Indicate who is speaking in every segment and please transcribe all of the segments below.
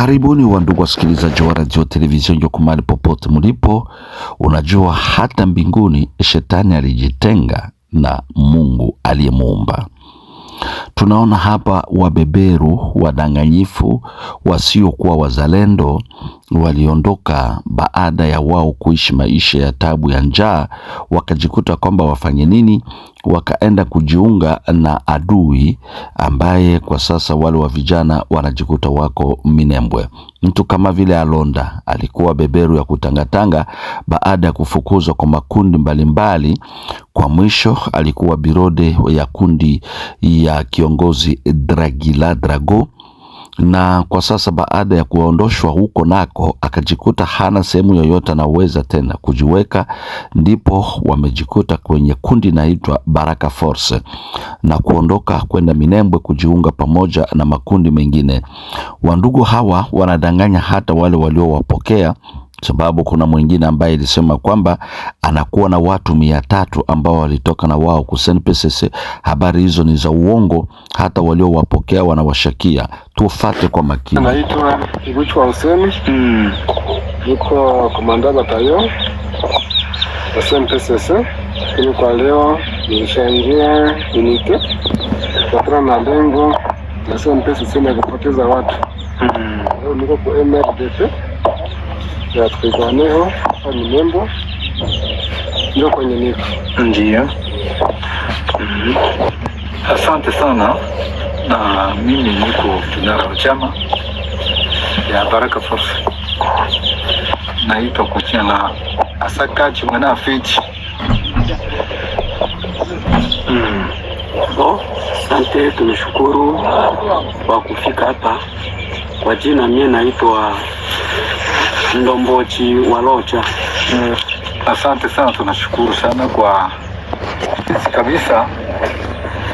Speaker 1: Karibuni wa ndugu wasikilizaji wa radio televisheni jokumali mahali popote mlipo. Unajua hata mbinguni shetani alijitenga na Mungu aliyemuumba. Tunaona hapa wabeberu, wadanganyifu, wasiokuwa wazalendo waliondoka baada ya wao kuishi maisha ya tabu ya njaa, wakajikuta kwamba wafanye nini? Wakaenda kujiunga na adui ambaye kwa sasa wale wa vijana wanajikuta wako Minembwe. Mtu kama vile Alonda alikuwa beberu ya kutangatanga baada ya kufukuzwa kwa makundi mbalimbali mbali. Kwa mwisho alikuwa birode ya kundi ya kiongozi Dragila Drago na kwa sasa baada ya kuondoshwa huko nako akajikuta hana sehemu yoyote anaweza tena kujiweka, ndipo wamejikuta kwenye kundi inaitwa Baraka Force na kuondoka kwenda Minembwe kujiunga pamoja na makundi mengine. Wandugu hawa wanadanganya hata wale waliowapokea sababu kuna mwingine ambaye ilisema kwamba anakuwa na watu mia tatu ambao walitoka na wao kusenpesese. Habari hizo ni za uongo, hata waliowapokea wanawashakia. Tufate kwa makini. Naitwa Kiguchwa Huseni, mm. niko komanda batayo SNPSS, lakini kwa leo nilishaingia unite kufatana na lengo la SNPSS na kupoteza watu. Hmm. Leo niko kwa MRDP ya tukuzaneho hapa ni nembo ndio kwenye niko
Speaker 2: ndio. Mm Asante sana na mimi niko kinara wa chama ya Baraka Force, naitwa kwa jina la Asaka mwana Afechi. Mm. Bo, asante, tumeshukuru kwa kufika hapa. Kwa jina mimi naitwa Ndombochi wa Locha.
Speaker 1: Mm. Asante sana, tunashukuru sana kwa sisi kabisa,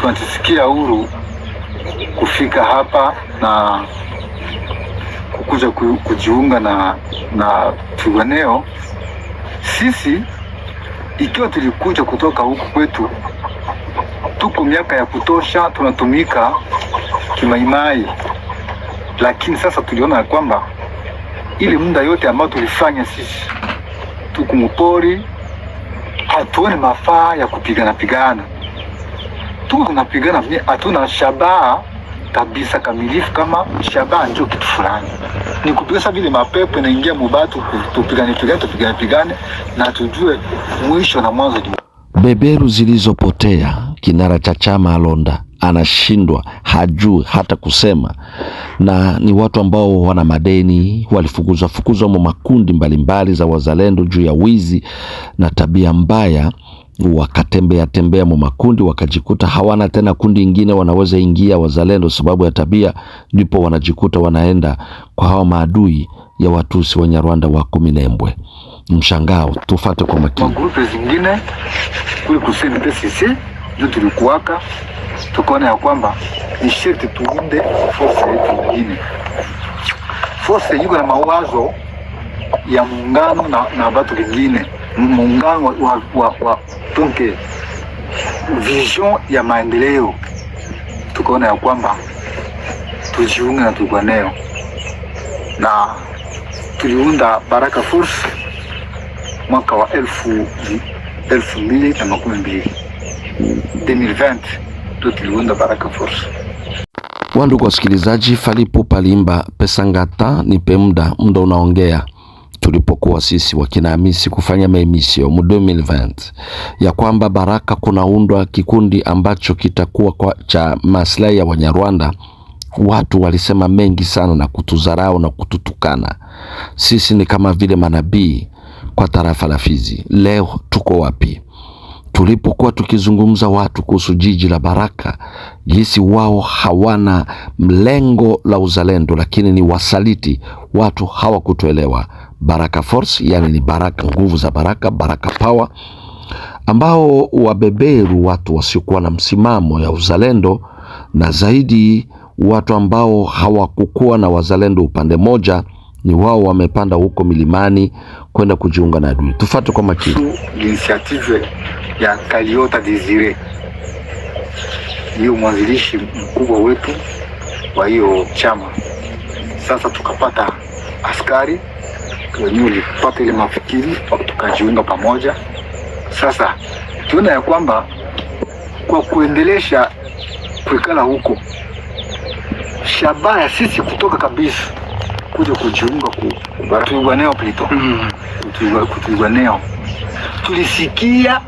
Speaker 1: tunajisikia huru kufika hapa na kukuja kujiunga na na Tuganeo. Sisi ikiwa tulikuja kutoka huku kwetu, tuko miaka ya kutosha tunatumika kimaimai, lakini sasa tuliona ya kwamba ile muda yote ambayo tulifanya sisi tukumumpori, hatuone mafaa ya kupigana pigana, tuko tunapigana vyenye hatuna shabaha kabisa kamilifu. Kama shabaha ndio kitu fulani, ni kupigasa vile mapepo inaingia mubatu, tupigane pigane, tupigane pigane na tujue mwisho na mwanzo.
Speaker 3: Beberu zilizopotea, kinara cha chama Alonda anashindwa, hajui hata kusema, na ni watu ambao wana madeni, walifukuzwa fukuzwa mwa makundi mbalimbali za wazalendo juu ya wizi na tabia mbaya wakatembea tembea mu makundi wakajikuta hawana tena kundi ingine wanaweza ingia wazalendo, sababu ya tabia, ndipo wanajikuta wanaenda kwa hawa maadui ya Watusi wa Nyarwanda wa Kuminembwe. Mshangao, tufate kwa makini
Speaker 1: juu tulikuwaka tukaona ya kwamba ni sharti tuunde force yetu nyingine, force iko na mawazo ya muungano na, na watu wengine, muungano wa, wa, wa, tunke vision ya maendeleo. Tukaona ya kwamba tujiunge na tukwaneo na tuliunda Baraka Force mwaka wa elfu, elfu mbili na makumi mbili. 2020 tutiliunda Baraka Force.
Speaker 3: Wandugu wasikilizaji, Falipu Palimba Pesangata ni Pemda, mdo unaongea tulipokuwa sisi wakinaamisi kufanya maemisio mu 2020 ya kwamba Baraka kunaundwa kikundi ambacho kitakuwa kwa cha maslahi ya Wanyarwanda. Watu walisema mengi sana na kutuzarau na kututukana. Sisi ni kama vile manabii kwa tarafa la Fizi. Leo tuko wapi? tulipokuwa tukizungumza watu kuhusu jiji la Baraka, jinsi wao hawana mlengo la uzalendo, lakini ni wasaliti, watu hawakutuelewa. Baraka Force, yani ni Baraka, nguvu za Baraka, Baraka Power, ambao wabeberu watu wasiokuwa na msimamo ya uzalendo, na zaidi watu ambao hawakukuwa na wazalendo upande moja ni wao wamepanda huko milimani kwenda kujiunga na adui. Tufate kwa makini
Speaker 1: ya Kaliota Desire, hiyo mwanzilishi mkubwa wetu wa hiyo chama. Sasa tukapata askari wenyewe ulipata ile mafikiri tukajiunga pamoja. Sasa tuona ya kwamba kwa kuendelesha kuikala huko, shabaha ya sisi kutoka kabisa kuja kujiunga
Speaker 2: kutuiganeo, plito
Speaker 1: kutuiganeo, tulisikia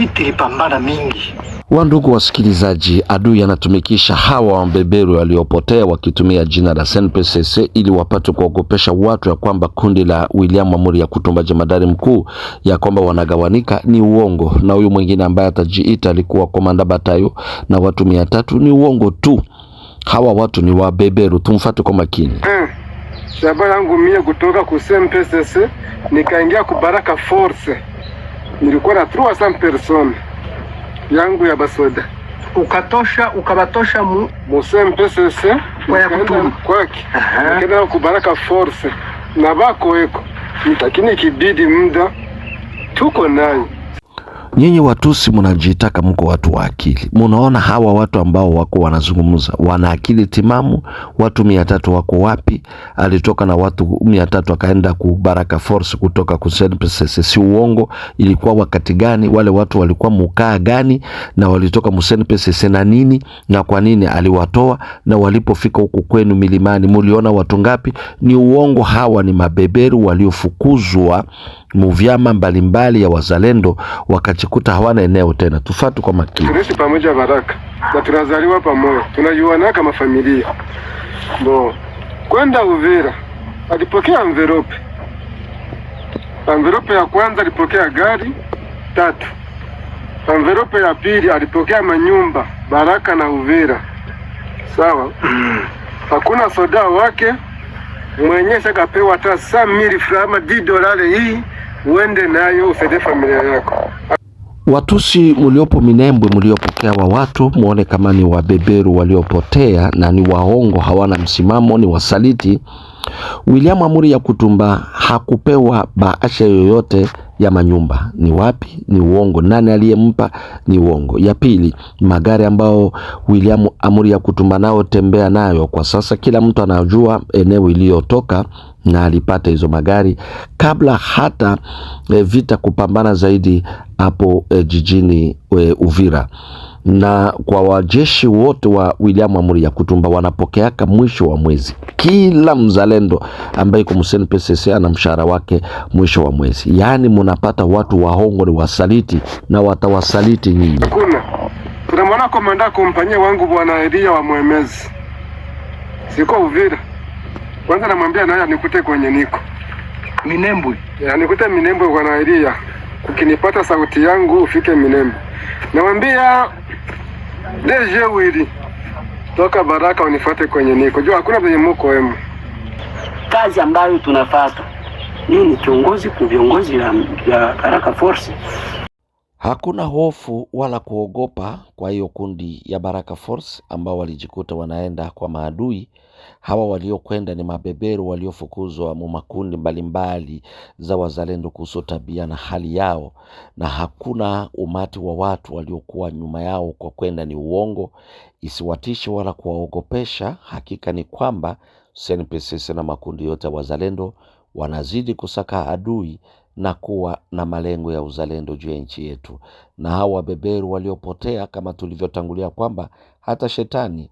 Speaker 1: vita ilipambana mingi.
Speaker 3: Wandugu wasikilizaji, adui anatumikisha hawa wambeberu waliopotea wakitumia jina la SNPCC ili wapate kuogopesha watu ya kwamba kundi la William Amuri ya Kutumba jemadari mkuu ya kwamba wanagawanika ni uongo, na huyu mwingine ambaye atajiita alikuwa komanda Batayo na watu mia tatu ni uongo tu. Hawa watu ni wabeberu, tumfate kwa makini.
Speaker 1: Mm. Shaba yangu mie kutoka ku SNPCC nikaingia kubaraka force nilikuwa na 300 person yangu ya basoda,
Speaker 2: ukatosha ukabatosha mu
Speaker 1: muse MPSS kwake kenda kubaraka force na bako eko, lakini ikibidi muda tuko nayo
Speaker 3: Nyinyi Watusi mnajitaka mko watu wa akili, mnaona hawa watu ambao wako wanazungumza wana akili timamu? Watu mia tatu wako wapi? Alitoka na watu mia tatu akaenda Baraka force kutoka kusenpesese, si uongo. Ilikuwa wakati gani? Wale watu walikuwa mukaa gani? na walitoka msenpesese na nini? na kwa nini aliwatoa? na walipofika huku kwenu milimani muliona watu ngapi? Ni uongo. Hawa ni mabeberu waliofukuzwa muvyama mbalimbali ya wazalendo wakati watajikuta hawana eneo tena. Tufatu kwa makini,
Speaker 1: Tunaishi pamoja baraka na tunazaliwa pamoja, tunajuana kama familia Ndo Kwenda Uvira alipokea envelope, envelope ya kwanza alipokea gari tatu, envelope ya pili alipokea manyumba Baraka na Uvira, sawa hakuna soda wake mwenyewe shakapewa hata saa mili frama di dolari hii uende nayo usaidie familia yako.
Speaker 3: Watusi muliopo Minembwe, muliopokea wa watu muone kama ni wabeberu waliopotea na ni waongo, hawana msimamo, ni wasaliti. William Amuri ya kutumba hakupewa bahasha yoyote ya manyumba. Ni wapi? Ni uongo. Nani aliyempa? Ni uongo. Ya pili, magari ambao William Amuri Kutumba nao tembea nayo kwa sasa, kila mtu anajua eneo iliyotoka na alipata hizo magari kabla hata e, vita kupambana zaidi hapo e, jijini e, Uvira na kwa wajeshi wote wa William Amuri ya kutumba wanapokeaka mwisho wa mwezi. Kila mzalendo ambaye kumseni PCC ana mshahara wake mwisho wa mwezi, yaani munapata watu waongo ni wasaliti na watawasaliti nyinyi.
Speaker 1: Tunamwona komanda kompanyia wangu bwana Elia wa Mwemezi, siko Uvira kwanza, namwambia naye anikute kwenye niko Minembwe, eh, anikute Minembwe bwana Elia ukinipata sauti yangu ufike Minembwe. Nawambia deje wili toka Baraka unifate kwenye niko jua, hakuna venye muko emu.
Speaker 2: Kazi ambayo tunafata mimi ni kiongozi ku viongozi ya Baraka Force.
Speaker 3: Hakuna hofu wala kuogopa kwa hiyo kundi ya Baraka Force ambao walijikuta wanaenda kwa maadui hawa waliokwenda ni mabeberu waliofukuzwa mu makundi mbalimbali za wazalendo kuhusu tabia na hali yao, na hakuna umati wa watu waliokuwa nyuma yao kwa kwenda ni uongo, isiwatishe wala kuwaogopesha. Hakika ni kwamba SNPCC na makundi yote ya wazalendo wanazidi kusaka adui na kuwa na malengo ya uzalendo juu ya nchi yetu. Na hawa wabeberu waliopotea, kama tulivyotangulia kwamba hata shetani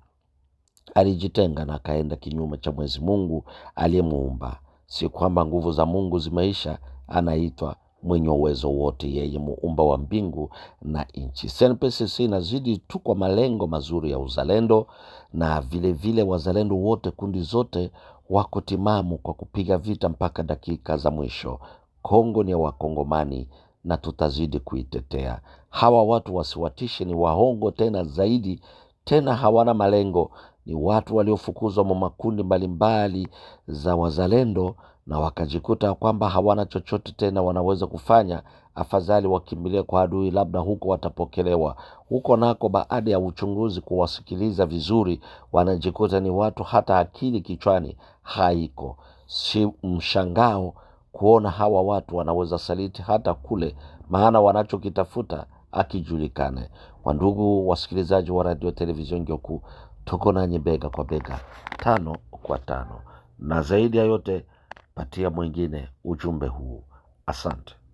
Speaker 3: alijitenga na akaenda kinyume cha Mwenyezi Mungu aliyemuumba. Si kwamba nguvu za Mungu zimeisha, anaitwa mwenye uwezo wote, yeye muumba wa mbingu na nchi. SNPCC inazidi tu kwa malengo mazuri ya uzalendo, na vilevile vile wazalendo wote, kundi zote wako timamu kwa kupiga vita mpaka dakika za mwisho. Kongo ni ya Wakongomani na tutazidi kuitetea. Hawa watu wasiwatishe, ni wahongo tena zaidi, tena hawana malengo ni watu waliofukuzwa mwa makundi mbalimbali za wazalendo na wakajikuta kwamba hawana chochote tena wanaweza kufanya, afadhali wakimbilie kwa adui, labda huko watapokelewa. Huko nako, baada ya uchunguzi, kuwasikiliza vizuri, wanajikuta ni watu hata akili kichwani haiko. Si mshangao kuona hawa watu wanaweza saliti hata kule, maana wanachokitafuta akijulikane. Wandugu wasikilizaji wa radio televisheni Ngyoku, tuko nanyi bega kwa bega, tano kwa tano, na zaidi ya yote patia mwingine ujumbe huu. Asante.